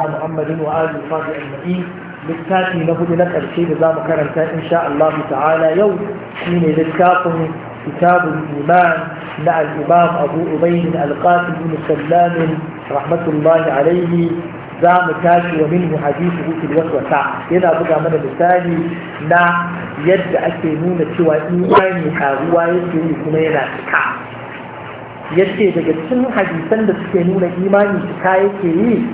محمد وآل وصحبه أجمعين littafi na hudu na ƙarshe da za mu karanta insha Allah ta'ala yau shine littafin kitabul iman na al-imam Abu Ubayd al-Qasim bin Sallam rahmatullahi alayhi mu tashi wa minhu hadithu fil yana buga da misali na yadda ake nuna cewa imani karuwa yake yi kuma yana cika yace daga cikin hadisan da suke nuna imani cika yake yi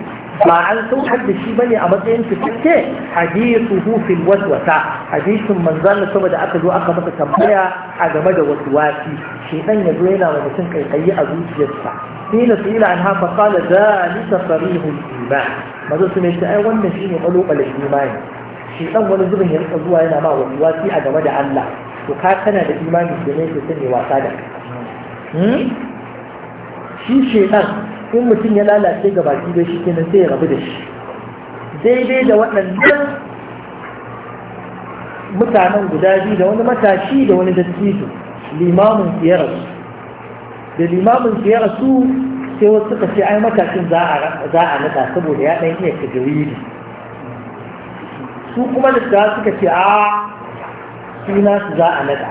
ba an saukar da shi bane a matsayin cikakke hadithuhu fil waswasa hadithun manzon sama saboda aka zo aka masa tambaya a game da waswasi shi dan yazo yana wa mutum kaikayi a zuciyarsa hina sila anha fa qala zalika sarihul iman mazo su ne ai wannan shine kalubalen imani shi dan wani zubin ya rika zuwa yana ma waswasi a game da Allah to ka kana da imani da ne ke sani wasa da hmm? shi shedan in mutum ya lalace ga baki da shi kenan sai ya rabu da shi daidai da waɗannan mutanen guda biyu da wani matashi da wani dattijo limamin su da limamin su sai wasu suka ce ai matashin za a naɗa saboda ya ɗan iya ne su kuma da suka ce a suna su za a naɗa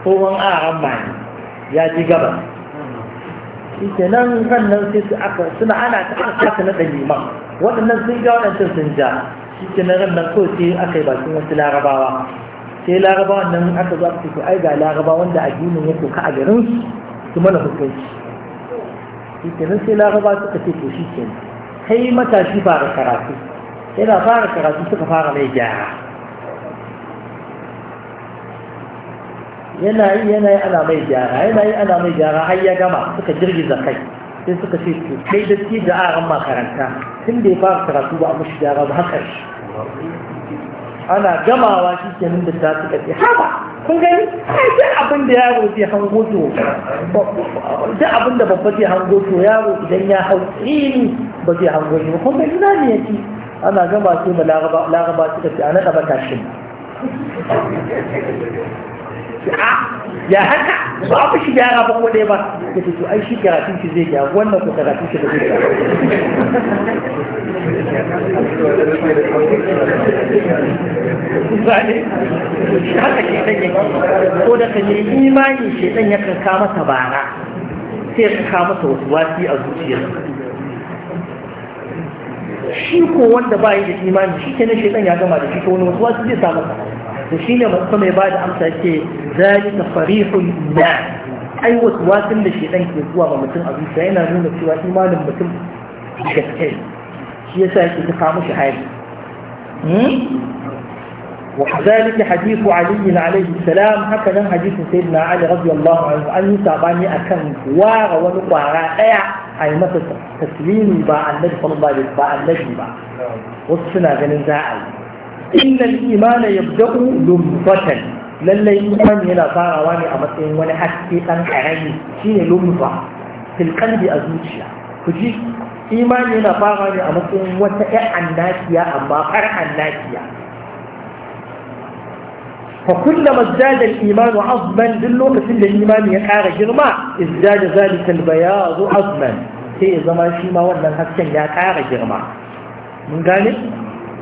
tsohon a mani ya ji gabas kenan sannan nan sai su aka suna ana ta aka na ɗan liman waɗannan sun ga waɗancan sun ja kenan ran nan rannan kawai sai aka yi bakin wasu larabawa sai larabawa nan aka zo aka ce ai ga laraba wanda addinin ya koka a garin su su mana hukunci kenan sai laraba suka ce to shi kenan kai matashi fara karatu yana fara karatu suka fara mai gyara yana yi yana yi ana mai gyara yana yi ana mai gyara har ya gama suka girgiza kai sai suka ce to kai da ci da aran makaranta tun da ya fara karatu ba a mushi gyara ba haka shi ana gamawa shi nan da ta suka ce haba kun gani ai duk abin da yaro zai hango to duk abin da babba zai hango to yaro idan ya hau tsini ba zai hango shi ba kun gani na ne yake ana gama sai mu laraba laraba suka ce a naɗa ba Ah, ya haka ba ku shi gyara ba ko ɗaya ba ya ce to ai shi karatun shi zai gyara wannan ku karatun shi da zai gyara zane haka ke shedan yake ko da ka yi imani shedan ya kanka masa bara sai ya kanka masa wasu wasi a zuciya. shi ko wanda ba yi da imani shi kenan shedan ya gama da shi ko wani wasu wasi zai samu da shi ne masu mai ba da amsa ke ذلك صريح لا أي wasan da في ke zuwa ba mutum a zuciya yana nuna cewa imanin mutum gaske shi yasa yake وكذلك حديث علي عليه السلام هكذا حديث سيدنا علي رضي الله عنه أن يتعباني أكن وارا ونقارا أيا أي مثل تسليم با النبي صلى الله عليه وسلم با النبي با وصفنا غنزاء إن الإيمان يبدأ لمضة lallai imani yana farawa ne a matsayin wani haske ɗan ƙarami Shi ne shine lumfa filkalbi a zuciya ku ji imani yana farawa ne a matsayin wata ƴar annakiya amma far annakiya fa kullama zada al-iman azman duk lokacin da imani ya ƙara girma izdada zalika al-bayad azman sai ya zama shi ma wannan hasken ya ƙara girma mun gane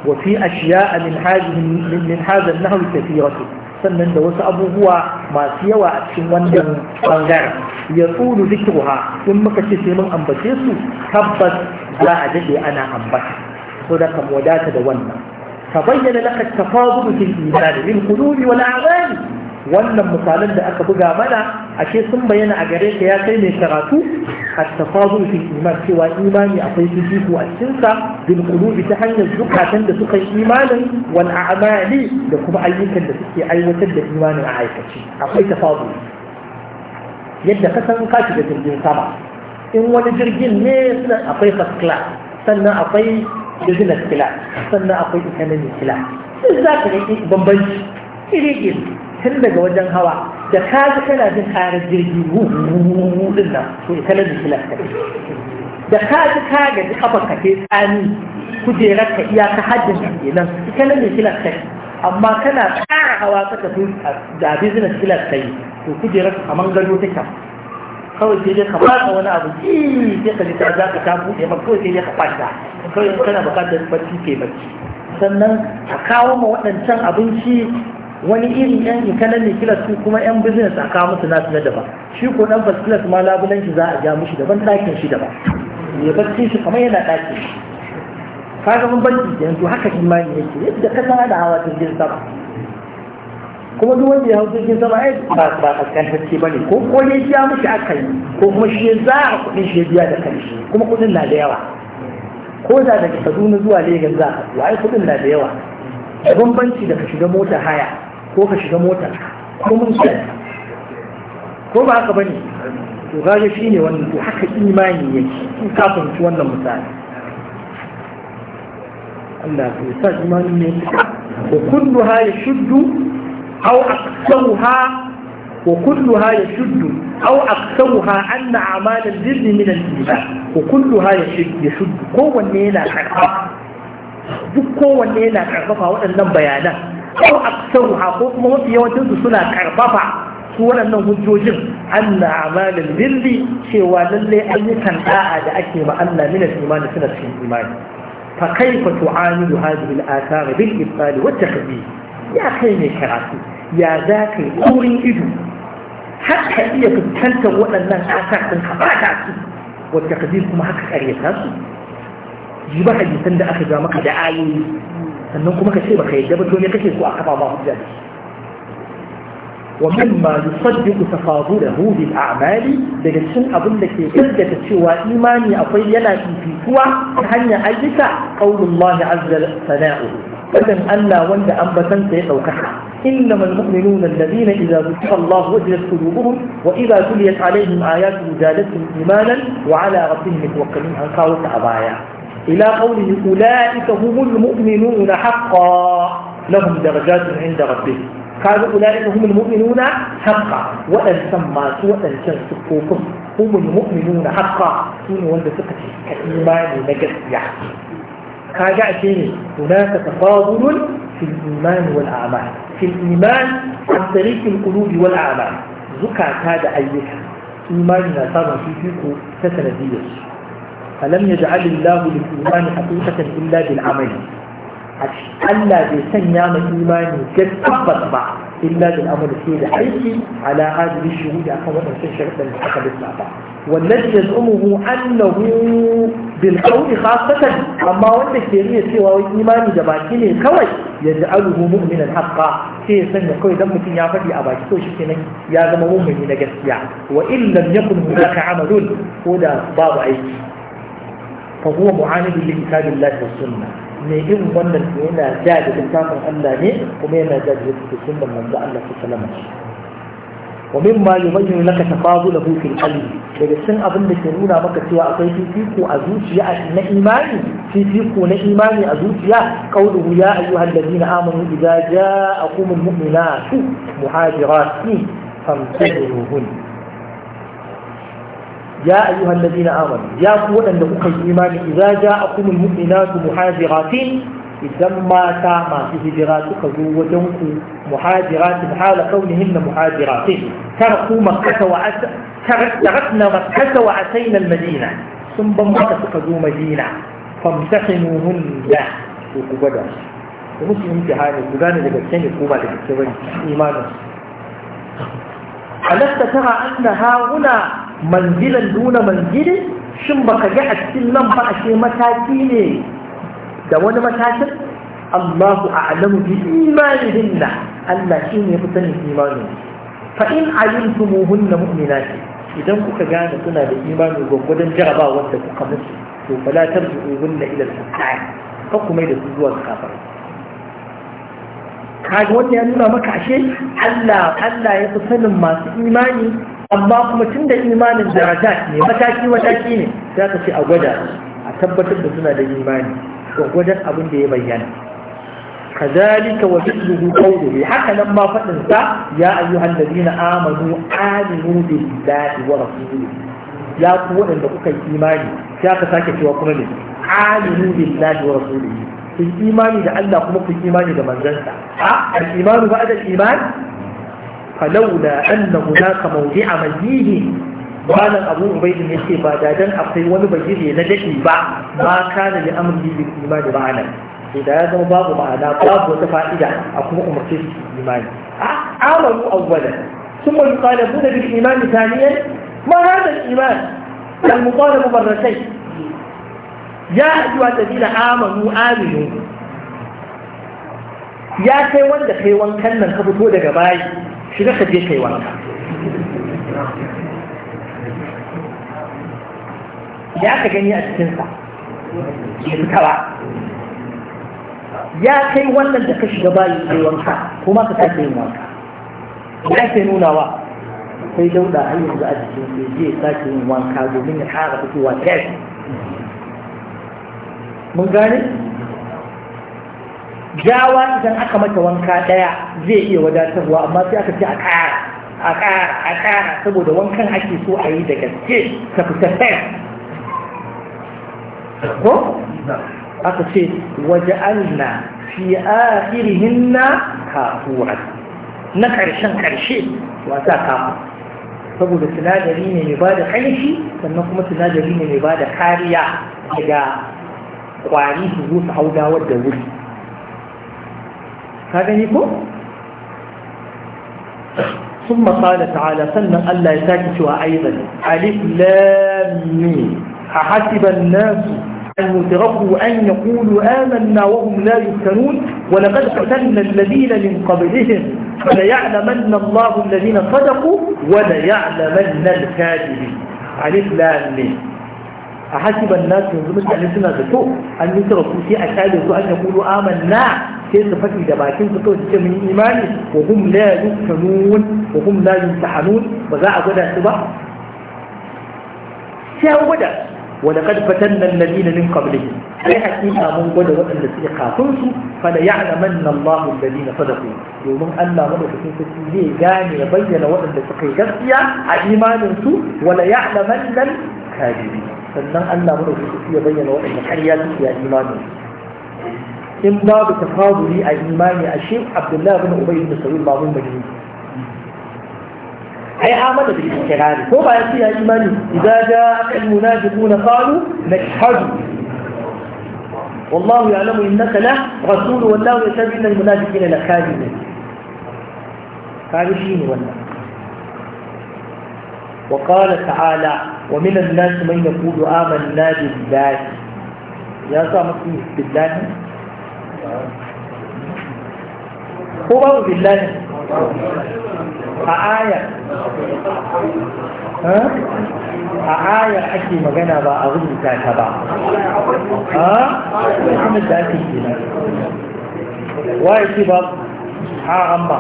وفي أشياء من هذا من هذا النحو كثيرة sannan da wasu abubuwa masu yawa a cikin wannan bangar ya tsulu zikruha in muka ce sai mun ambace su tabbas za a dade ana ambata so da kamo wadata da wannan ka bayyana laka tafadulu fil imani min qulubi wal a'mali wannan misalan da aka buga mana ashe sun bayyana a gare ka ya kai mai karatu at-tafadul fi iman cewa imani akwai su fifiko a cikin sa bil qulubi ta hanyar zukatan da suka yi imanin wal a'mali da kuma ayyukan da suke aiwatar da imanin a aikace akwai tafadul yadda ka san ka shiga jirgin sama in wani jirgin ne suna akwai first class sannan akwai business class sannan akwai economy class duk za ka yi bambanci iri iri tun daga wajen hawa da ka ji kana jin ƙarar jirgi din nan to ita na jiki lantarki da ka ji ka ga ji kafan ka ke tsani kujerar ka iya ta hajjin ka nan ita na jiki lantarki amma kana ƙara hawa ka tafi da business class kai to kujerar ka kamar gado take kawai sai dai ka fasa wani abu ji sai ka ji ta za ka ta buɗe ma kawai sai dai ka fasa kawai kana buƙatar barci ke barci sannan a kawo ma waɗancan abinci wani irin yan ikanan ne kilas su kuma yan business a kawo musu nasu na daban shi ko dan first class ma labulanci shi za a ja mishi daban ɗakin shi daban ya barci shi kamar yana ɗakin shi kaga mun banki da yanzu haka imani yake yadda ka san ana hawa jirgin sama kuma duk wanda ya hau jirgin sama ai ba ba kaskantacce bane ko ko ne ya mishi akai ko kuma shi za a kuɗin shi ya biya da kai kuma kuɗin na da yawa ko da daga Kaduna zuwa Legas za ka kudin kuɗin na da yawa bambanci da ka shiga mota haya ko ka shiga mota ko mun sai ko ba haka bane to gaje ne wannan to haka imani yake in ka fahimci wannan misali Allah ya sa imani ne ko kullu ha ya yashuddu aw aktsaruha وكلها يشد أو أكثرها أن أعمال البر من الإيمان وكلها يشد يشد كون yana karfafa. duk kowanne yana karfafa waɗannan bayanan ko aksaruha ko kuma mafi yawancin su suna karfafa su waɗannan hujjojin anna amalin birri cewa lallai ayyukan da'a da ake ma Allah min al-imani suna cikin imani fa kaifa tu'amilu hadhihi al-athar bil ibtal wa ya kai ne karatu ya za ka yi wurin ido har ka iya fuskantar waɗannan asar ɗin ka ɓata su wata kuma haka ƙaryata su ji ba hadisan da aka ga maka da ayoyi sannan kuma ka ce baka yadda ba dole kake ku a kafa ba hujja da shi yusaddiqu tafadulahu bil a'mali daga cikin abin da ke gaskata cewa imani akwai yana fifituwa ta hanyar ayyuka qaulullahi azza sana'u wannan Allah wanda ambatan sa ya daukaka innamal mu'minuna alladhina idza dhukira Allah wajilat qulubuhum wa idza tuliyat alaihim ayatuhu zadatuhum imanan wa ala rabbihim yatawakkalun an kawo إلى قوله أولئك هم المؤمنون حقا لهم درجات عند ربهم قال أولئك هم المؤمنون حقا وأن سماس أن تنسفوكم هم المؤمنون حقا سنة وأن تقتل كإيمان نجس يعني قال تاني هناك تفاضل في الإيمان والأعمال في الإيمان عن طريق القلوب والأعمال زكاة هذا أيها إيمان لا ترى في فيكم تسندية فلم يجعل الله للإيمان حقيقة إلا بالعمل ألا بيسنى الإيمان جد أبدا إلا بالعمل السيد حيثي على هذه الشهود أكون أن شرط الحق بالسعطة والذي يزعمه أنه بالقول خاصة أما وأن الكيرية سوى إيمان جباكين كوي يجعله مؤمنا حقا في سنة كوي دم في يعفدي أباك توش كنك يا دم مؤمن من جسيا وإن لم يكن هناك عمل ولا بعض أيدي فهو معاند لكتاب الله والسنة ne yin wannan ne yana ja da littafin Allah ne kuma yana ja da littafin sunan manzo Allah ta salama shi wa min ma yubayyin laka tafadulahu fil qalbi daga cikin abin da ke nuna maka cewa akwai fifiko a zuciya na imani fifiko na imani a zuciya qauluhu ya ayyuhal ladina amanu idza ja'akumul mu'minatu muhajiratin famtahiruhunna يا أيها الذين آمنوا يا قوة أن لكم الإيمان إذا جاءكم المؤمنات محاجرات إذا ما تعمى في هجراتك جوتك محاجرات حال كونهن محاجرات تركوا مكة وعسى ترقنا مكة وأتينا المدينة ثم بمكة تقدوا مدينة فامتحنوهن وكبدا ومسلم امتحان وكبدا لبسين يقوم لبسين إيمان ألست ترى أن هؤلاء manzilan duna manzili shin baka ga a cikin nan ba ashe mataki ne da wani matakin Allahu a'lamu bi imanihinna Allah shi ne fi sanin imanin fa in alimtumuhunna mu'minati idan kuka gane suna da imani gwaggwadon jaraba wanda kuka musu to fala tarji'uhunna na al-kufar ka kuma da su zuwa Ka ga wanda ya nuna maka ashe Allah Allah ya fi sanin masu imani amma kuma tun da imanin daraja ne mataki mataki ne za ka ce a gwada a tabbatar da suna da imani gwagwadon abin da ya bayyana Ka zalika wa mithluhu ya haka nan ma faɗinsa sa ya ayyuhal na amanu aminu billahi wa rasulihi ya ku waɗanda kuka yi imani ya ka sake cewa kuma ne aminu billahi wa rasulihi kun imani da Allah kuma kun imani da manzansa a al-imanu ba da iman falaula annahu zaka mawdi'a majihi malan abu ubaidin yace ba da dan akwai wani bajire na dake ba ma kana ne amri bil imani ba anan idan ya zama babu ma'ana babu wata fa'ida a kuma umarce su imani a amanu awwala ثم يطالبون بالإيمان ثانيا ما هذا الإيمان؟ المطالبة مرتين يا أيها الذين آمنوا آمنوا يا سيوان دخيوان كنن كبتو دقبائي shiga ka je kai wanka ya ka gani a cikinsa ya fita ba ya kai wannan da ka shiga bayi kai wanka kuma ka sake yin wanka ya ke wa sai dauda an yanzu a jikin sai je sake yin wanka domin ya kara fitowa fes mun gane gawa idan aka mata wanka daya zai iya wadatarwa amma sai aka ce a ƙara a ƙara a ƙara saboda wankan ake so a yi da gaske ta fita fayar ko aka ce waje alna fi irin na kafuwar, na ƙarshen ƙarshe wata kafu saboda sinadari ne mai ba da ƙarfi sannan kuma sinadari ne mai ba da kariya daga kwari su zo su hau dawar da wuri ka gani ثم قال تعالى سنة ألا يتاكسوا أيضا ألف لام أحسب الناس أن يتركوا أن يقولوا آمنا وهم لا يفتنون ولقد فتنا الذين من قبلهم فليعلمن الله الذين صدقوا وليعلمن الكاذبين ألف لام أحسب الناس ينظمت أن أن يتركوا في أشعال أن يقولوا آمنا sai su faɗi da bakin su kawai suke mun imani wa hum la yuftanun wa hum la yumtahanun ba za a gwada su ba sai an gwada wa laqad fatanna alladhina min qablihim sai hakika mun gwada waɗanda suke kafin su fa la ya'lamanna Allahu alladhina sadaqu domin Allah madaukakin sarki zai gane ya bayyana waɗanda suka yi gaskiya a imanin su wa la ya'lamanna al-kadhibin sannan Allah madaukakin sarki ya bayyana waɗanda ƙarya suke a imanin su in babu tafaduli a imani a shi abdullahi bin ubay bin sa'id ba mun bane ai amana da ikirari ko ba ya ce ya imani idan ga al munafiquna qalu nashhadu والله يعلم انك لا رسول والله يشهد ان المنافقين لكاذبون كارثين والله وقال تعالى ومن الناس من يقول آمنا بالله يا صاحب بالله ko babu billahi a aya a aya ake magana ba a rubuta ta ba a kuma da ake ke nan waye ce ba a amma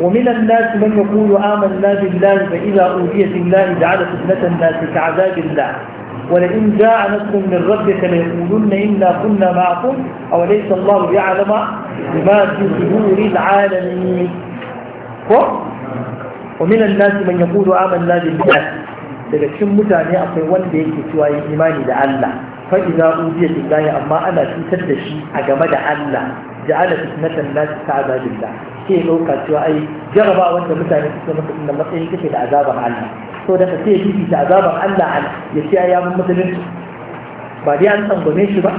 ومن الناس من يقول آمنا بالله فإذا أوذي في الله جعل فتنة الناس كعذاب الله ولئن جاء نصر من ربك ليقولن إنا كنا معكم أو ليس الله يعلم ما في صدور العالمين ومن الناس من يقول آمنا بالله daga cikin mutane akwai wanda yake cewa yin imani da Allah fa idza udiya billahi amma ana cutar da shi a game da Allah ja'ala fitnatan nas ta'aba billah sai lokaci cewa ai jaraba wanda mutane suke maka inda matsayin kake da azaban Allah so da sai ya ta azabar Allah ya ce ya mun musulunci ba dai an tsangwame shi ba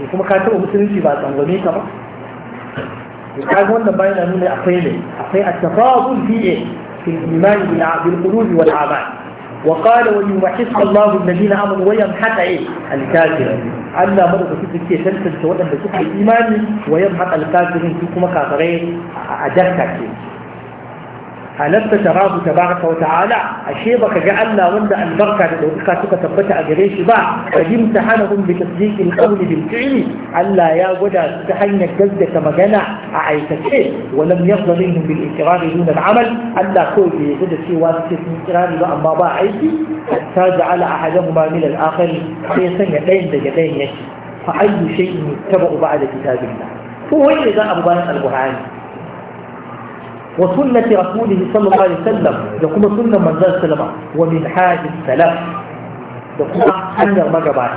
ya kuma ka taɓa musulunci ba a tsangwame ka ba ya wannan bayan na nuna akwai ne akwai at-tafawul fi'e في الإيمان بالقلوب والأعمال وقال وليمحص Allah الذين آمنوا ويمحق إيه الكافر suke مرض كتب كي yi سواء بسوء الإيمان al الكافر في كما كافرين أجاكا كي halatta tarahu tabaraka wa ala? ashe baka ga Allah wanda albarka da dauka suka tabbata a gare shi ba fahimta hanahum bi tasdiq al-qawl bil fi'li Allah ya gwada su ta hanyar gaskata magana a aikace wa lam yarda minhum bil iqrar dun al-amal Allah ko bai yarda da cewa suke sun kirari ba amma ba aiki ta ja'ala ahadahuma min al-akhar sai sanya ɗayan daga ɗayan yake fa ayyu shay'in yattabu ba'da kitabillah ko wanda za a bayan al-Qur'ani وسنة رسوله صلى الله عليه وسلم يقوم سنة من ذلك السلام ومن حاج السلام يقوم حاجة مجبعة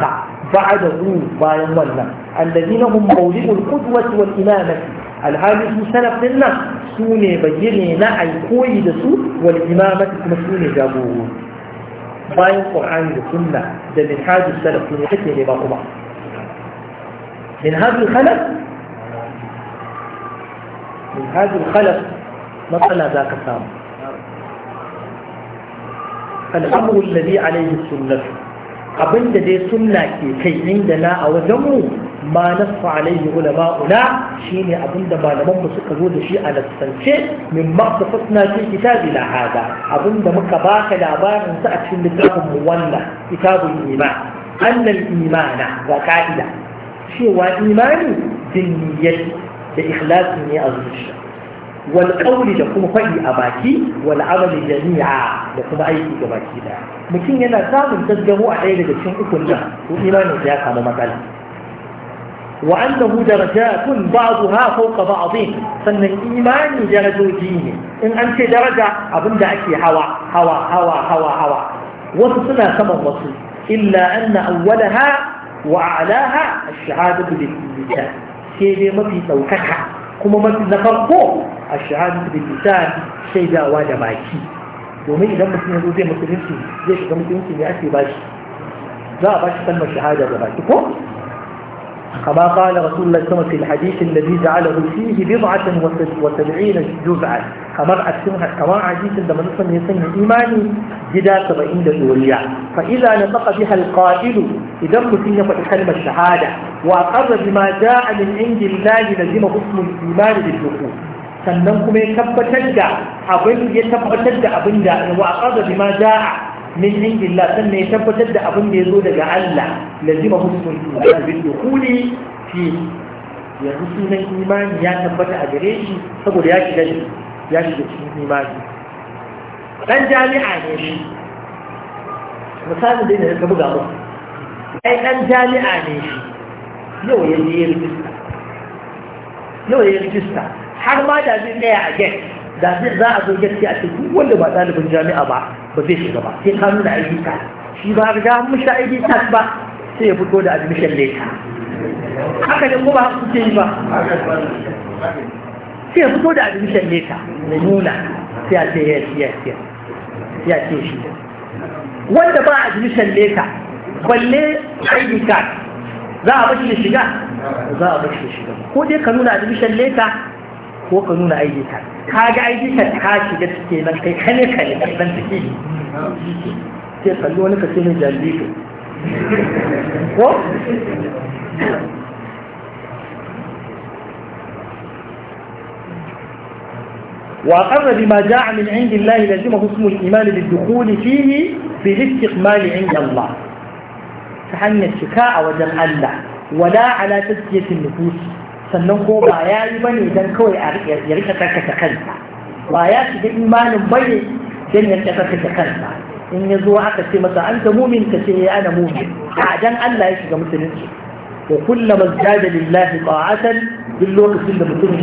بعد ذلك باين ولا الذين هم مولئ القدوة والإمامة الحاج سلف لنا سنة بجرنا نعي قوي دسو والإمامة كما سنة جابوه باين قرآن السنة ده من حاج السلام من حكي لما من هذا الخلف من هذا الخلف matsala za ka samu al'amuru alladhi alayhi sunnatu abinda dai sunna ke kai inda na a wajenmu ma nasu alaihi ulama'una shine abinda malaman mu suka zo da shi a lantance min ma fasna fi kitabi abinda muka baka labarin su a cikin littafin mu wannan kitabul iman annal imana ga ka'ida cewa imani bin da ikhlasi ne a zuciya wal da kuma faɗi a baki wal amali jami'a da kuma aiki ga baki daya mutum yana samun gaggamo a ɗaya daga cikin ukun nan to imanin ya samu matsala wa annahu darajatun ba'daha fawqa ba'dhin sannan imani darajoji ne in an ce daraja abinda ake hawa hawa hawa hawa hawa wasu suna saman wasu illa anna awwalaha wa a'laha ash-shahadatu bil-lisan sai dai mafi daukaka kuma mafi na farko a shahadu da lisan shaidawa da baki domin idan mutum ya zo zai mutunci zai shiga mutunci ne ake bashi za a bashi kalmar shahada da baki ko كما قال رسول الله صلى الله عليه وسلم في الحديث الذي جعله فيه بضعة وسبعين جزعا كما أسمها كما حديث لما نسمى يسمى إيماني جدا سبعين دوليا فإذا نطق بها القائل إذا مسلم فتح كلمة الشهادة وأقر بما جاء من عند الله لزمه اسم الإيمان بالدخول sannan kuma ya tabbatar da abin ya tabbatar da abin da wa aqada bima jaa min indillah sannan ya tabbatar da abin da ya zo daga Allah lazima husnul iman bil dukhuli fi yanzu sunan imani ya tabbata a gare shi saboda ya shiga ya shiga cikin imani dan jami'a ne shi misali dai da ka buga mu ai dan jami'a ne shi yau ya har ma zai a gate da zai za a zo gaskiya a ce duk wanda ba ɗalibin jami'a ba ba zai shiga ba sai kanu da ID card shi ba ga mishi ID card ba sai ya fito da admission leta haka ne ko ba haka kuke yi ba sai ya fito da admission leta na nuna sai a ce yes yes yes ya ce shi wanda ba admission leta balle ID card za a bashi shiga za a bashi shiga ko dai ka nuna admission leta ko ka nuna ayyuka ka ga ka shiga suke nan kai kane kane kai dan suke sai wani mai ko وأقر بما جاء من عند الله لازمه اسم الإيمان بالدخول فيه الاستقبال عند الله تحني الشكاء وجل الله ولا على تزكية النفوس sannan ko ba ya yi ba ne don kawai ya rika tsarkake kansa ba ya shiga imanin ba ne don ya rika tsarkake kansa in ya zo aka ce masa an ta mumin ka ce ya eh, ana mumin a dan Allah ya shiga musulunci wa kullama zada lillahi ta'atan duk lokacin da mutum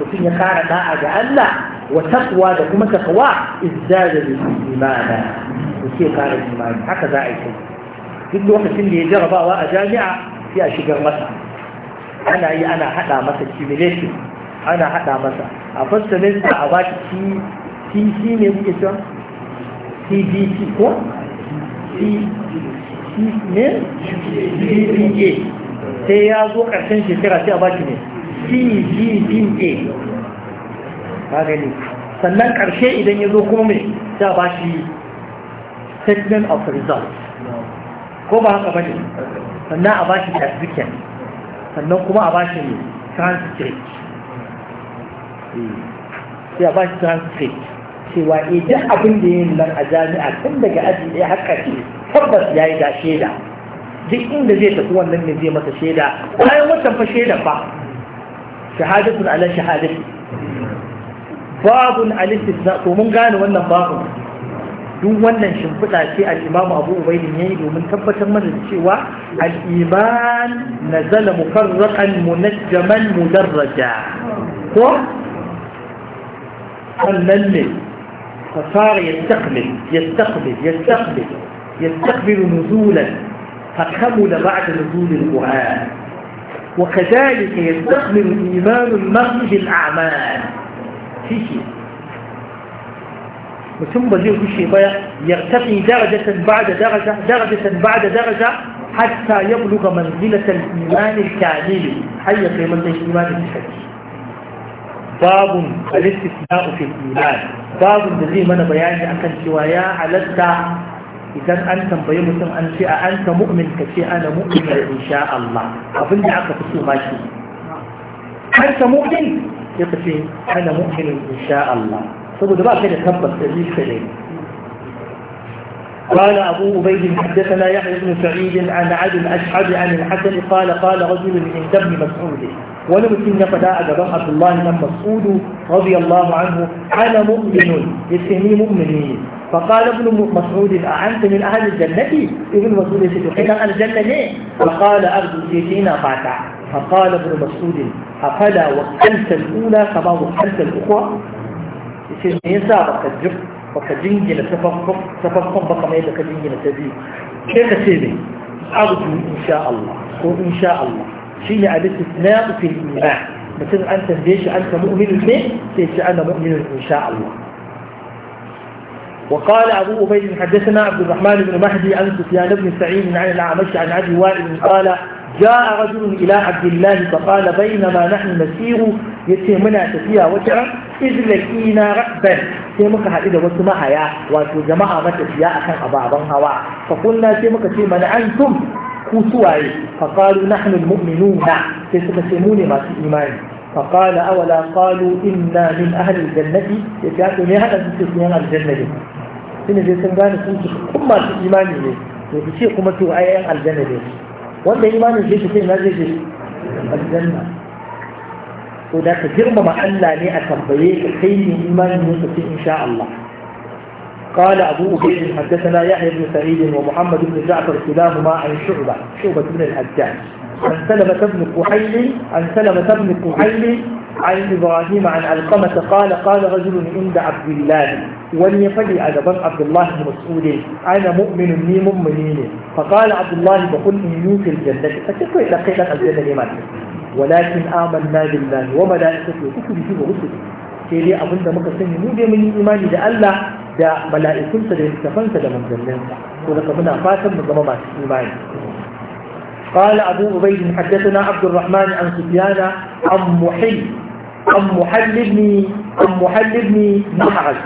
mutum ya kara da'a ga Allah wa taqwa da kuma taqwa izzada bil imana yake kara imani haka za a yi duk lokacin da ya jarabawa a jami'a sai a shigar masa ana yi ana hada masa cumulation ana hada masa a first semester a baki tc ne muke cewa tbc ko ne cbta sai ya zo karshen shekara sai a baki ne cgta ba gani sannan karshe idan ya zo kuma mai sai a baki statement of result ko ba haka bane sannan a baki certificate sannan kuma a bashi ne transcript eh, sai a bashi transcript cewa idan eh, abin da yin nan a jami'a tun daga aji ɗaya haka ce tabbas ya yi ga shaida duk inda zai tafi wannan ne zai masa shaida bayan wancan fa shaida fa shahadatun ala shahadati babun alistis to mun gane wannan babun duk wannan shimfiɗa ce al'imamu abu ubaidin ya yi domin tabbatar mana da cewa al'iman na zala mukarrakan munajjaman mudarraja ko sannan ne فصار يستقبل يستقبل يستقبل يستقبل نزولا فكمل بعد نزول القرآن وكذلك يستقبل إيمان المرء amal فيه ثم بجيء بشيء بيا يرتقي درجة بعد درجة درجة بعد درجة حتى يبلغ منزلة الإيمان الكامل حي في منزلة الإيمان الكامل باب الاستثناء في الإيمان باب الذي من بياني أكن شوايا على الدعاء إذا أنت بيوم ثم أنت أنت مؤمن كشيء أنا مؤمن إن شاء الله أظن عك في السماء أنت مؤمن يقتين أنا مؤمن إن شاء الله saboda ba ka كان tabbas da ji قال أبو أبيد حدثنا يحيى بن سعيد عن عبد الأشعب عن الحسن قال قال رجل عند ابن مسعود ولم إن فداء أعد عبد الله بن مسعود رضي الله عنه أنا مؤمن يسمي مؤمنين فقال ابن مسعود أعنت من أهل الجنة ابن مسعود يقول إيه أهل الجنة ليه فقال أرجو سيدنا قاطع فقال ابن مسعود أفلا وقلت الأولى كما وقلت الأخرى yace me yasa baka jif baka jingina ta farkon baka mai da ka jingina ta biyu sai ka ce ne arju insha Allah ko insha Allah shine al-istisna'u fil iman mutum an tambaye shi anta mu'minun ne sai ce ana mu'minun insha Allah وقال أبو أبي حدثنا عبد الرحمن بن مهدي عن سفيان بن سعيد عن الأعمش عن أبي وائل قال جاء رجل إلى عبد الله فقال بينما نحن نسير يتمنى تفيا وترى إذ لقينا رأبا سيمك هذا وسمع يا واتو جماعة ما تفيا أكن أبعضا هوا فقلنا سيمك من أنتم كسوعي فقالوا نحن المؤمنون سيسك سيموني ما في إيماني فقال أولا قالوا إنا من أهل الجنة يتعطوا من أهل الجنة سنة جيسن قال سنة كما في إيماني ne ku ce kuma to ai yan aljanna ne wanda imanin shi tafi na zai je aljanna to da ka girmama Allah ne a tambaye ka kai ne imanin mun tafi insha Allah قال أبو أبي حدثنا يحيى بن سعيد ومحمد بن جعفر كلاهما عن شعبة شعبة بن الحجاج عن سلمة بن كحيل عن سلمة بن كحيل عن إبراهيم عن علقمة قال قال رجل عند عبد الله وليفلي أدبا عبد الله بن مسعود أنا مؤمن لي مؤمنين فقال عبد الله بقل إني في الجنة فتكوي لقيقة الجنة لمن ولكن آمنا بالله وملائكته وكتبه ورسله sai dai abin da muka sani mu dai mun yi imani da Allah da mala'ikunsa da littafansa da manzanninsa ko da muna fatan mu zama masu imani قال أبو عبيد حدثنا عبد الرحمن عن سفيان عن محل عن محل بن عن محل بن معرج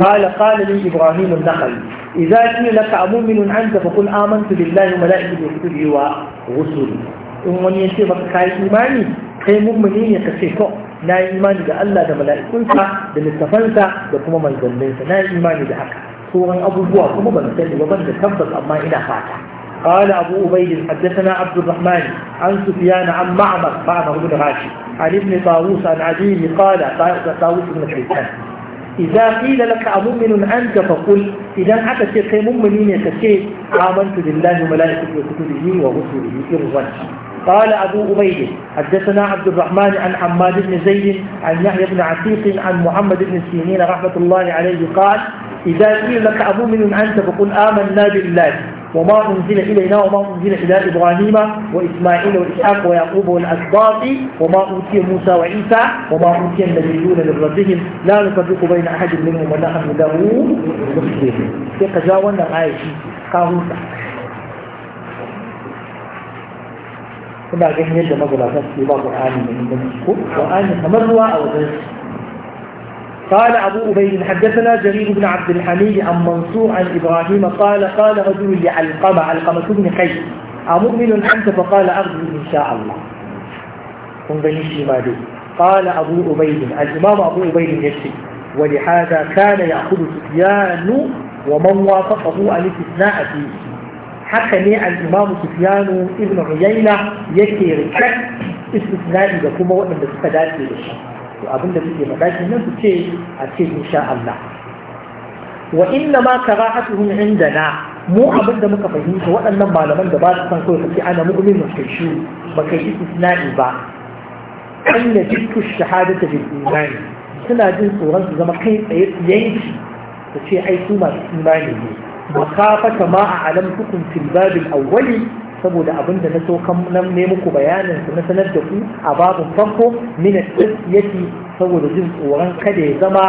قال قال لي إبراهيم النخل إذا كن لك مؤمن عنك فقل آمنت بالله وملائكته وكتبه ورسله ومن ينسبك كاي إيماني كاي مؤمنين يكشفه لا إيماني ده الله ده ملائكته ده لتفنسة ده كما من ظلمته نا إيماني ده حكا سورة أبو بوا كما من ظلمته وبنت تنبس أما إلى فاتح قال أبو أبيد حدثنا عبد الرحمن عن سفيان عن معمر معمر بن غاشم عن ابن طاووس عن عديم قال طاووس بن حيثان إذا قيل لك أمؤمن أنت فقل إذا أتى شيخ مؤمنين يتكيف آمنت بالله وملائكته وكتبه ورسله إرضا قال أبو أبيد حدثنا عبد الرحمن عن حماد بن زيد عن يحيى بن عتيق عن محمد بن سيرين رحمة الله عليه قال إذا قيل لك أمؤمن أنت فقل آمنا بالله وما أنزل إلينا وما أنزل إلى إبراهيم وإسماعيل وإسحاق ويعقوب والأسباط وما أوتي موسى وعيسى وما أوتي النبيون من ربهم لا نفرق بين أحد منهم ونحن له مسلمون تجاوزنا آية قاروسة kuna ganin yadda magabatan su ba Qur'ani da inganci ko Qur'ani kamar ruwa a wajen قال أبو أبي حدثنا جرير بن عبد الحميد عن منصور عن إبراهيم قال قال رجل لعلقمة علقمة بن خيس أمؤمن أنت فقال أرجو إن شاء الله انظرني بني دي قال أبو أبيد الإمام أبو أبيد يشتي ولهذا كان يأخذ سفيان ومن وافقه عن الاستثناء فيه حتى ني الإمام سفيان ابن عيينة يكي ركب استثناء إذا كما وقت من to abinda da suke faɗa shi nan su ce a ce insha Allah wa inna ma karahatuhum indana mu abinda muka fahimta waɗannan malaman da ba su san kawai kace ana mu'minu kai shi ba kai istisna'i ba an ya shahadata bil imani suna jin tsoron su zama kai tsaye yanki su ce ai su masu imani ne makafata ma a alamtukum fil babil awwali saboda abin da na so nan ne muku bayanin su na sanar da ku a babin farko min al-qiyati saboda jin tsoron kada ya zama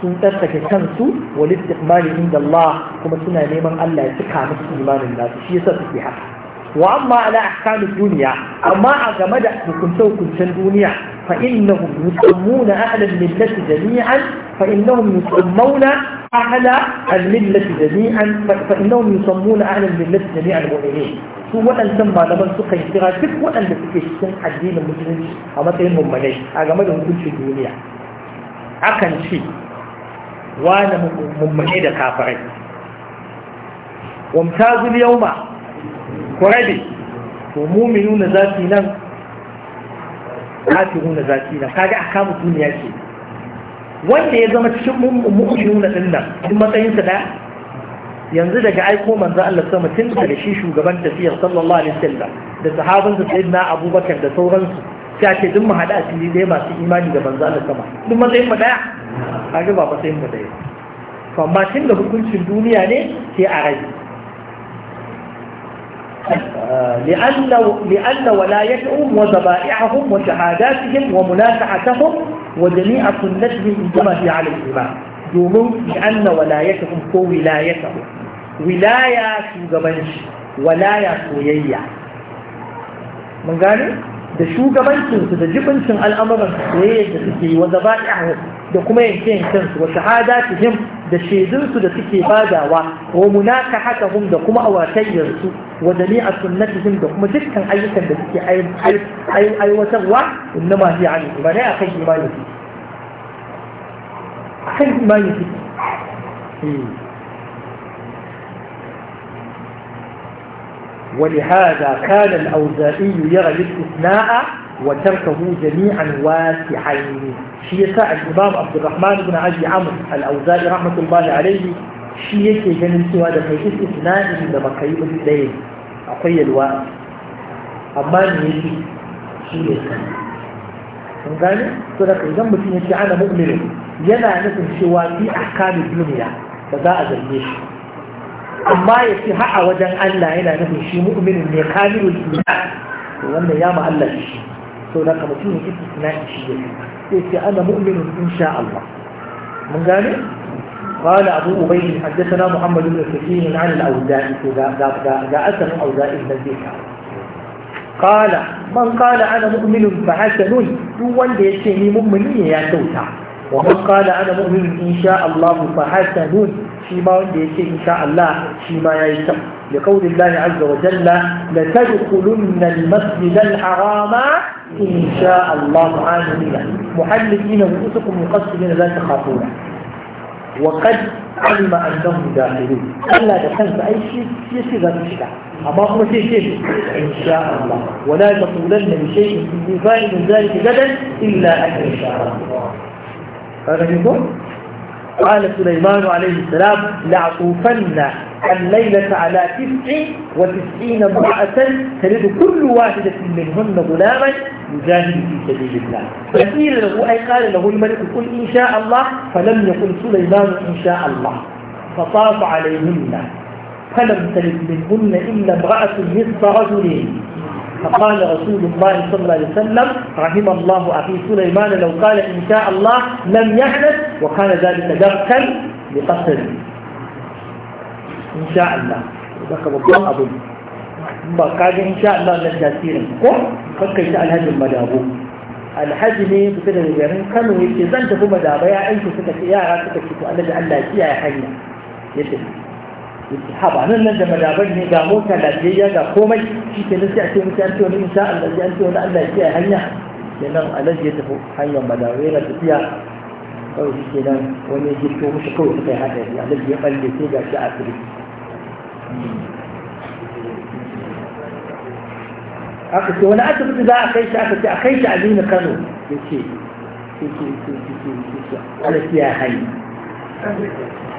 sun tsarkake kansu wal istiqmali inda Allah kuma suna neman Allah ya cika musu imanin nasu shi yasa suke haka wa amma ala ahkami duniya amma a game da hukunce hukuncen duniya fa innahum yusammuna ahla al-millati jami'an fa innahum yusammuna أهل الملة جميعا فإنهم يسمون أهل الملة جميعا المؤمنين su waɗancan malaman suka yi kira duk waɗanda suke cikin addinin musulunci a matsayin mummunai a game da hukuncin duniya akan ce wani mummunai da kafarai. Wamta kafirai wamtazul yauma kurabe to muminu na zafi nan kafiru na zafi nan kaga a kama duniya ce wanda ya zama cikin mu'minu na ɗin nan in matsayinsa da yanzu daga aiko manzo Allah sama tun daga shi shugaban tafiyar sallallahu alaihi wasallam da sahaban da sayyidina Abubakar da sauransu sai ake duk mu hada cikin dai masu imani da manzo Allah sama duk matsayin mu daya kaga ba matsayin mu daya to amma tun da hukuncin duniya ne sai a rai لأن لأن ولايتهم وذبائحهم وشهاداتهم ومنافحتهم وجميع سنتهم إنما هي على الإمام domin bi anna walayatahum ko wilayatahum wilaya shugabanci walaya soyayya mun gane da shugabancinsu da jibincin al'amuran soyayya da suke yi wanda ba da kuma yanke yankensu wa shahada him da shaidunsu da suke badawa wa munaka haka hum da kuma awatayyarsu wa jami'a sunnatihim da kuma dukkan ayyukan da suke aiwatarwa inna ma fi ani ba ne akan imani akan imani hmm. ولهذا كان الأوزائي يرى الاستثناء وتركه جميعا واسعين شيء الإمام عبد الرحمن بن عدي عمرو الأوزائي رحمة الله عليه شيء يكي جنن سوى ده كي استثناء إذا ما كي يبدأ أقوي الوقت أما نيجي شيء kun gane to da idan mutum ya ce ana يلا yana nufin cewa fi ahkamin duniya ba amma ya fi ha'a wajen Allah yana nufin shi mu'minin ne kamilul iman to wannan ya ma Allah shi to da kamar mutum yake istisna shi ne sai ce ana mu'minun insha Allah mun gane قال أبو أبي حدثنا محمد بن كثير عن الأوزاعي جاء أثر الأوزاعي الذي قال من قال أنا مؤمن فحسن دون يشتهي مؤمنين ya توتا ومن قال أنا مؤمن إن شاء الله فحسن فيما يأتي إن شاء الله فيما يأتي لقول الله عز وجل لتدخلن المسجد الحرام إن شاء الله عاملين محلقين رؤوسكم مقصرين لا تخافون وقد علم أنهم داخلون ألا دخلت أي شيء يصير مشكلة أما هو شيء شيء إن شاء الله ولا تقولن بشيء إني ذلك غدا إلا أن شاء الله أغنيكم قال سليمان عليه السلام لعطوفن الليلة على تسع وتسعين امرأة تلد كل واحدة منهن غلاما يجاهد في سبيل الله فقيل له أي قال له الملك قل إن شاء الله فلم يقل سليمان إن شاء الله فطاف عليهن فلم تلد منهن إلا امرأة نصف رجل فقال رسول الله صلى الله عليه وسلم رحم الله أخي سليمان لو قال إن شاء الله لم يحدث وكان ذلك دركا لقصر إن شاء الله ذكر الله أبو قال إن شاء الله لن تأثير فكيت الهجم المدابو alhaji ne fita daga garin kano yake zan tafi madaba ya aiki suka ce yara suka ce to Allah da Allah ya kiyaye hanya yake haba nan nan da madaban ne ga mota lafiyayya ga komai shi ke nasi a ce mutu an ce wani insha Allah ya ce wani Allah ya ce hanya nan alaji ya tafi hanyar madawai na tafiya kawai shi nan wani ya jirto kawai suka yi ya alaji ya balle sai ga shi a asibiti aka ce wani asibiti za a kai shi aka ce a kai shi a kano ya ce alaji ya hanya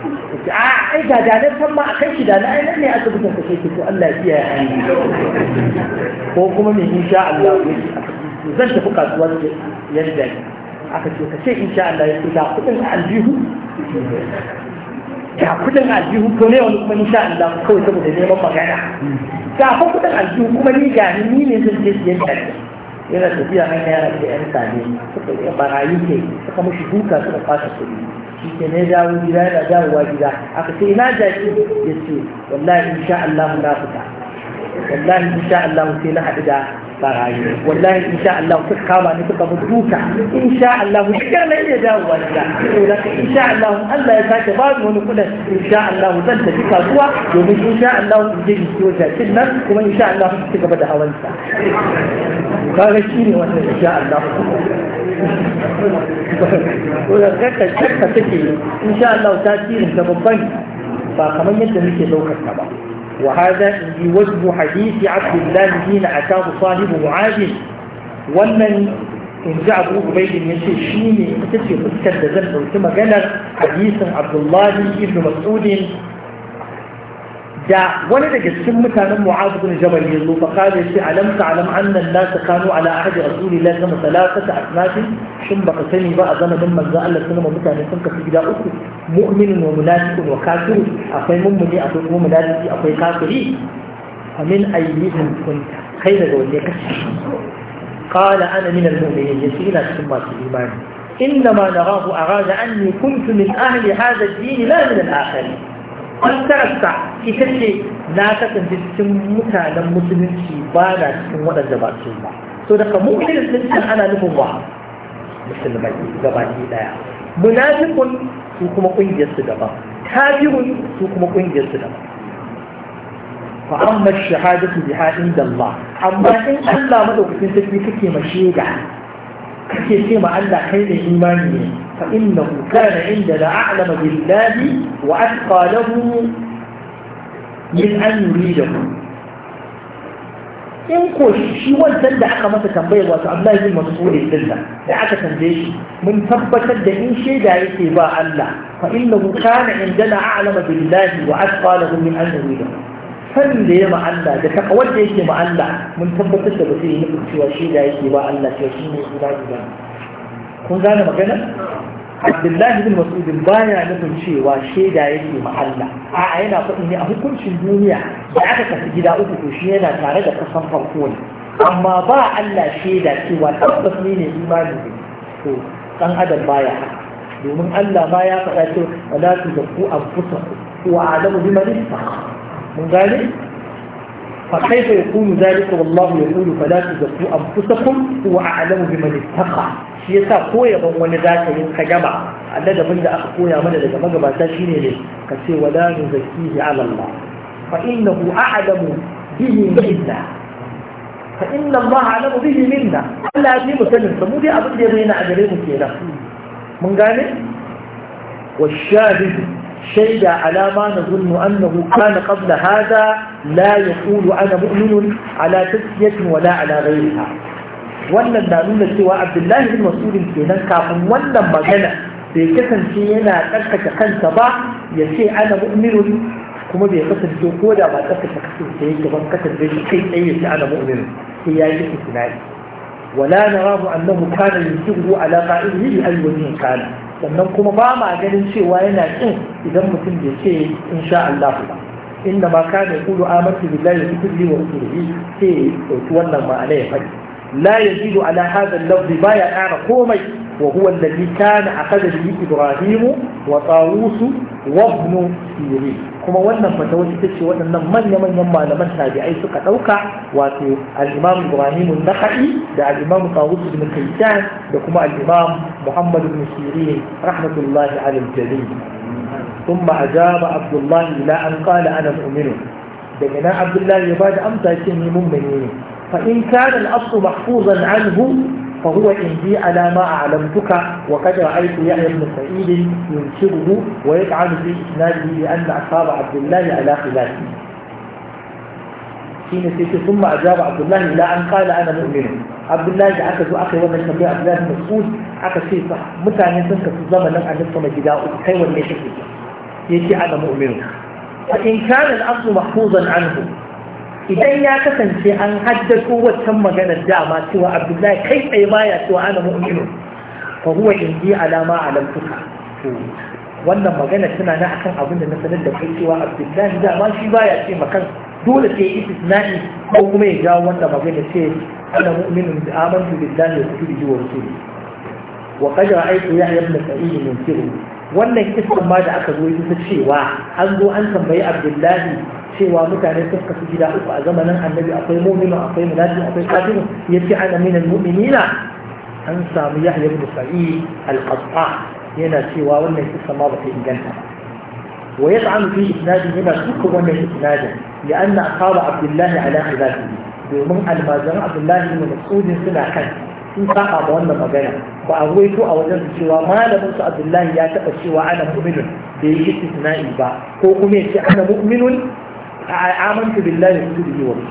ai ga da san ma a kai shi da na ai ne asibitin ka sai to Allah ya yi ko kuma me insha Allah zan tafi kasuwa yadda aka ce ka ce insha Allah ya ce ga kudin aljihu ga kudin aljihu ko ne wani kuma insha Allah kawai saboda neman magana ga fa kudin aljihu kuma ni ga ni ne zan je siyan da yana tafiya hanya yana da yan sane suka barayi ke suka mushi duka suka fasa kudi shi ne dawo gida yana dawowa gida aka ce ina jaki ya ce wallahi sha Allah na fita wallahi sha Allah sai na haɗu da barayi wallahi sha Allah suka kama ni suka mutu duka sha Allah shi ne ya dawowa gida to da insha Allah Allah ya sake ba mu wani kudin sha Allah zan tafi kasuwa domin in sha Allah in je in siyo jakin nan kuma in sha Allah su ci gaba da hawansa kaga shi ne wannan sha Allah wadda kakka take insha Allah tasirin ta babban ba kamar yadda muke daukar ta ba وهذا في وجه حديث عبد الله حين أتاه صاحبه عاجل wannan in ji abu ubaidin ya ce shi ne ita ce fuskar da zan ɗauki maganar hadisin abdullahi ibn mas'udin da wani daga cikin mutanen mu'az bin jabal ya zo fa ya ce alam ta'lam anna an-nas kanu ala ahadi rasulillahi sallallahu alaihi wasallam asnafin shin baka sani ba a zamanin manzo Allah sallallahu mutane sun kasu gida uku mu'minun wa munafiqun wa kafir akwai mummuni akwai kuma munafiki akwai kafiri fa min ayyihim kunta kai daga wanne kace qala ana min al-mu'minin yace ina cikin masu imani إنما نراه أراد أني كنت من أهل هذا الدين لا من الآخرين fassararsa ita ce na kasance cikin mutanen musulunci ba na cikin waɗanda ba su ba so daga mu'minin sun can ana nufin ba musulmai gabaki daya munafiqun su kuma kungiyar su gaba kafirun su kuma kungiyar su daban fa amma shahadatu haɗin da Allah amma in Allah madaukakin sarki kake ma shaida kake ce ma Allah kai ne imani ne فإنه كان عندنا أعلم بالله وأتقى له من أن يريده إن كوش شي وان حقا ما تتنبيه وأتو الله يجب مسؤولي تلد لحقا تنبيش من فبا تلد إن شيء دا يتباع الله فإنه كان عندنا أعلم بالله وأتقى له من أن يريده فن ليه مع الله ده تقوال مع الله من فبا تلد بسيه نبك شوى شيء الله شوى شيء نبك شوى الله كون زانا مكانا؟ abdullahi bin masudin baya nufin cewa shaida yake ma Allah a yana faɗi ne a hukuncin duniya da aka kasu gida uku to shi yana tare da kasan farko ne amma ba Allah shaida cewa tabbas ne ne imani ne to dan adam baya domin Allah ma ya faɗa cewa wala tuzakku anfusakum wa a'lamu biman mun gane فكيف يكون ذلك والله يقول فلا تزكوا انفسكم هو اعلم بمن اتقى shi yasa ban wani za ka yi ka gama annadabin da da aka koya mana daga magabata shine ne ka ce wala nuzakkihi ala Allah fa innahu a'lamu bihi minna fa inna Allah a'lamu bihi minna Allah ya mu sanin sa mu dai abin da ya bayyana a gare mu kenan mun gane wa shahidi شيد على ما نظن أنه كان قبل هذا لا يقول أنا مؤمن على تسية ولا على غيرها wannan na nuna cewa abdullahi bin masudin kenan kafin wannan magana bai kasance yana tsarkake kansa ba ya ce ana mu'minun kuma bai kasance ko da ba tsarkake kansa yake ban kasance shi kai tsaye ya ce ana mu'minun sai ya yi istinadi wala na narahu annahu kana yusiru ala qa'idihi bi ayyi wajhin kana sannan kuma ba ma ganin cewa yana ƙin idan mutum bai ce sha Allah ba inda ma ka ne kudu amantu billahi wa kulli wa rusulihi sai ɗauki wannan ma'ana ya faɗi la yazidu ala hadha al-lafzi baya ƙara komai wa huwa alladhi kana akhadha bi Ibrahimu wa Tawus wa ibn Sirin kuma wannan fatawa ita ce waɗannan manya-manyan malaman tabi'ai suka ɗauka wato al-imam Ibrahim nakhai da al-imam Tawus ibn da kuma al-imam Muhammad ibn Sirin rahmatullahi alal jami ثم أجاب عبد الله إلى أن قال أنا مؤمن دقنا عبد الله يباد أمتى كني مؤمنين فإن كان الأصل محفوظا عنه فهو عندي على ما أعلمتك وقد رأيت يحيى بن سعيد ينكره ويطعن في إسناده لأن أصحاب عبد الله على خلافه حين سيتي ثم أجاب عبد الله إلى أن قال أنا مؤمن عبد الله عكس أخي ومن تبع عبد الله مسعود عكس في صح متى أن يسنك في الزمن لم أن يسمى جداء خير من يشكك يجي أنا مؤمن فإن كان الأصل محفوظا عنه idan ya kasance an haddato waccan maganar dama cewa abdullahi kai tsaye baya cewa ana mu'minu fa huwa indi alama a alamtuka wannan magana tana na akan abin da na sanar da kai cewa abdullahi dama shi baya ce makan dole sai istisna'i ko kuma ya jawo wannan magana ce ana mu'minun bi amantu billahi wa kutubihi wa rusuli wa qad ra'aytu yahya ibn sa'id munkiru wannan kisan ma da aka zo ita cewa an zo an tambayi abdullahi cewa mutane sun kasu gida uku a zamanin annabi akwai mu'minu akwai munafiq akwai kafir yace ana minal mu'minina an samu yahya ibn sa'id al-qattan yana cewa wannan kisa ma ba ta inganta ba ويطعن في إسناد هنا سكر ومن إسناده لأن أصحاب عبد الله على خلافه domin almajiran abdullahi ne masudin suna kan sun saba da wannan magana ba a ruwaito a wajen su cewa malamin su abdullahi ya taɓa cewa ana mu'minun da ya yi istisna'i ba ko kuma ya ce ana mu'minun آمنت بالله وكتبه ورسله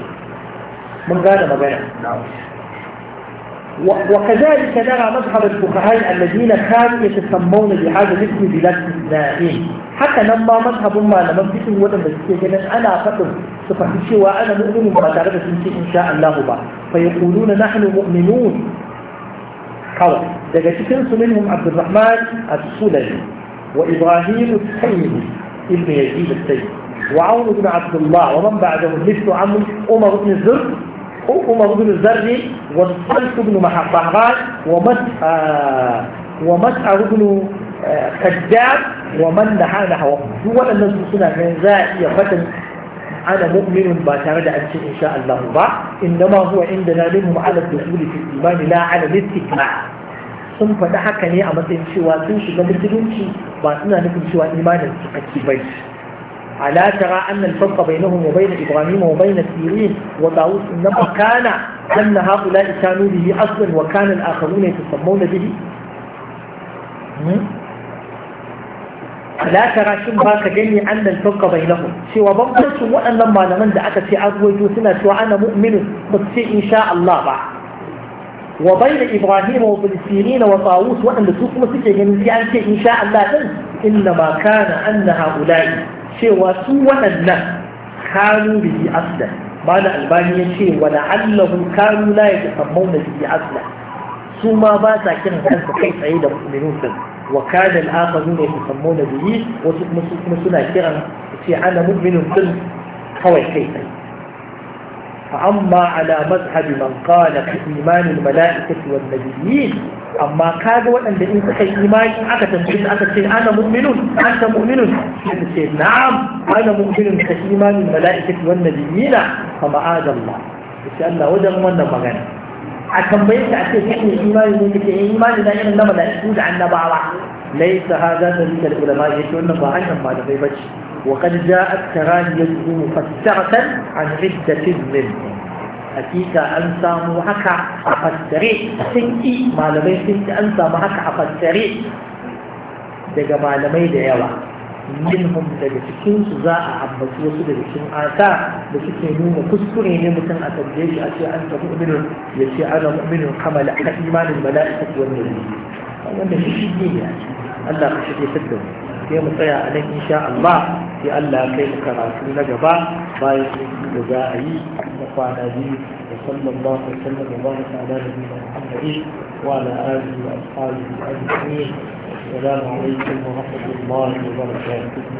من قال قال نعم. وكذلك نرى مذهب الفقهاء الذين كانوا يتسمون بهذا الاسم بلا استثناء حتى لما مذهب ما لم يكن ولم يكن انا فقط سفهمت وانا مؤمن بما تعرف ان شاء الله با فيقولون نحن مؤمنون قال daga منهم عبد الرحمن السلمي وابراهيم sulami ابن يزيد as وعون بن عبد الله ومن بعدهم مثل عمرو أمر بن الزر عمر بن الزر والصلت بن محققان ومسعر ومسعر بن خجاب ومن نحى نحو هو الناس سنة من ذاتي فتن أنا مؤمن ما ترد إن شاء الله با إنما هو عندنا منهم على الدخول في الإيمان لا على الاستكماع sun faɗi haka ne a matsayin cewa sun shiga musulunci ba suna nufin cewa imanin su kake bai ألا ترى أن الفرق بينهم وبين إبراهيم وبين سيرين وطاووس إنما كان أن هؤلاء كانوا به أصلا وكان الآخرون يتسمون به ألا ترى شبه كجني أن الفرق بينهم سوى بمتس لما لمن دعك في أرض سوى أنا مؤمن بس إن شاء الله بعد وبين إبراهيم وفلسطينين وطاووس وأن تسوق مسكين يعني إن شاء الله إنما كان أن هؤلاء cewa su waɗannan kanu bihi aslan mana albani ya ce wa la'allahu kanu la da bihi aslan su ma ba sa kiran kansa kai tsaye da mu'minun din wa kana al-akharun da bihi wasu kuma suna kiran ce ana mu'minun din kawai kai tsaye amma ala mazhabi man qala fi imanin malaikati wan nabiyyin amma kaga waɗanda in suka yi imani aka tambaye aka ce ana mu'minun anta mu'minun sai ce na'am ana mu'minun ka imanin malaikati wan nabiyyin fa ma'adallah sai Allah wajen wannan magana a tambaye ka a ce kake imani ne kake yin imani da irin na malaikatu da annabawa laisa hadha dalil ulama'i yace wannan ba hanyar malamai bace وقد جاءت كراهيته مفسرة عن عدة منهم hakika an samu haka a fassare sun ƙi malamai sun an samu haka a fassare daga malamai da yawa minhum daga cikinsu za a ambaci wasu da bikin asa da suke nuna kuskure ne mutum a tambaye shi a ce an ta mu'minin ya ce ana mu'minin kamal ana imanin mala'ikatu wannan wanda shi Allah ka shige sadda mu sai mu tsaya a nan insha Allah sai Allah kai mu karatu na gaba bayan sun da za a yi na kwana biyu da sallallahu alaihi wasallam da ba ta da nabi Muhammad wa ala alihi wa ashabihi ajma'in assalamu alaikum wa rahmatullahi wa barakatuh